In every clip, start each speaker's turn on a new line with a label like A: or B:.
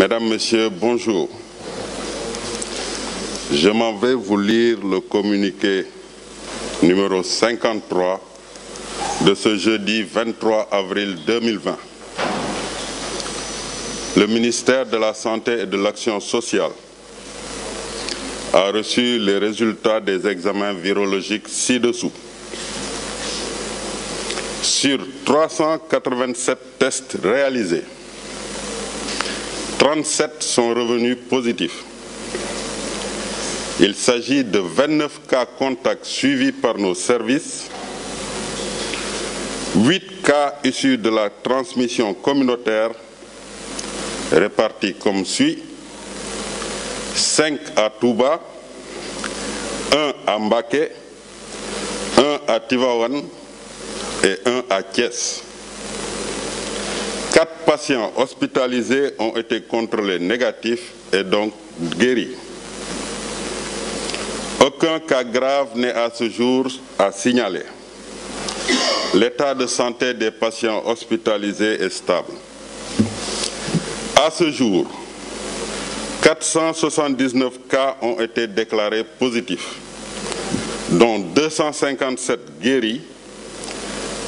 A: Mesdames, Messieurs, bonjour. Je m'en vais vous lire le communiqué numéro 53 de ce jeudi 23 avril 2020. Le ministère de la Santé de l'Action sociale a reçu les résultats des examens virologiques ci-dessous. Sur 387 tests réalisés, 37 sont revenus positifs. Il s'agit de 29 cas contacts suivis par nos services, 8 de la transmission communautaire répartis comme suit 5 à Touba, 1 à Mbaké, 1 à Tivaouane et 1 patients hospitalisés ont été contrôlés négatifs et donc guéris. Aucun cas grave n'est à ce jour à signaler. L'état de santé des patients hospitalisés est stable. À ce jour, 479 cas ont été déclarés positifs, dont 257 guéris,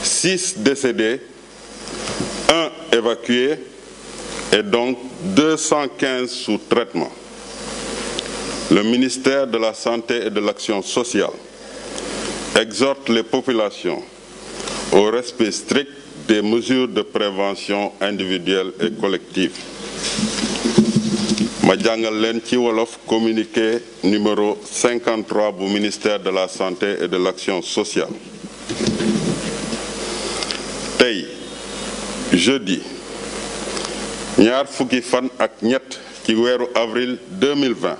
A: 6 décédés évacués et donc 215 sous traitement. Le ministère de la Santé et de sociale exhorte les populations au respect des mesures de prévention individuelle et ma jàngal leen ci wolof communiqué numéro 53 bu ministère de la santé et de l'action sociale jeudi ñaar fukki fan ak ñett ci weeru avril 2020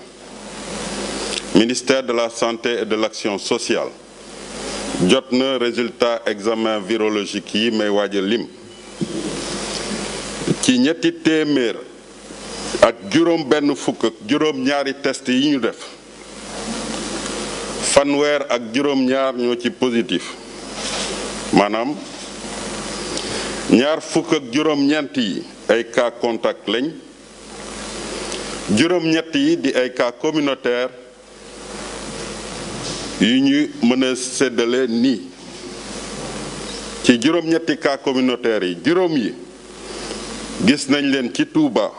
A: ministère de la santé et de l'action sociale jot na résultat examen virologique yi may waaj a lim ci ñetti téeméer ak juróom benn fukk juróom ñaari test yi ñu def fanweer ak juróom ñaar ñoo ci positif maanaam ñaar fukk ak juróom-ñeent yi ay cas contact lañ juróom-ñett yi di ay cas communautaire yu ñu mëna seddale nii ci juróom-ñetti cas communautaire yi juróom yi gis nañ leen ci tuuba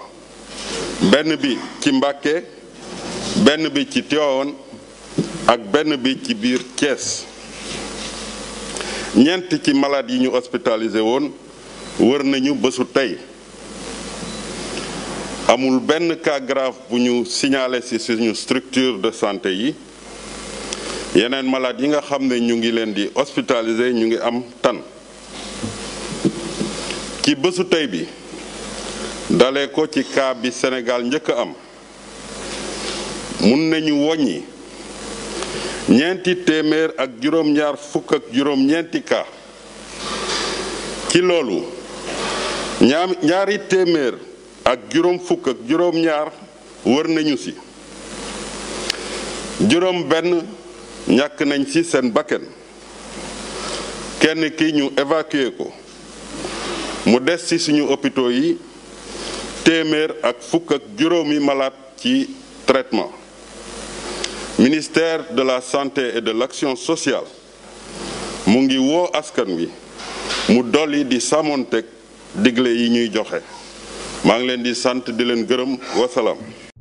A: benn bi ci Mbacké benn bi ci Tivaouane ak benn bi ci biir Thiès ñeent ci malade yi ñu hospitalisé woon wër nañu bésu tey amul benn cas grave bu ñu signalé ci suñu structure de santé yi yeneen malaat yi nga xam ne ñu ngi leen di hospitalisé ñu ngi am tan ci bésu tey bi dalee ko ci kaa bi Sénégal njëkk a am mun nañu woññi ñeenti téeméer ak juróom-ñaar fukk ak juróom-ñeenti cas ci loolu ñaar ñaari téeméer ak juróom fukk ak juróom ñaar wër nañu ci juróom benn ñàkk nañ ci seen bakken kenn ki ñu évacué ko mu des ci suñu hôpitaux yi téeméer ak fukk ak juróomi malade ci traitement ministère de la santé et de l'action sociale mu ngi woo askan wi mu dolli di sàmmoonteeg digle yi ñuy joxe maa ngi leen di sant di leen gërëm wasalaam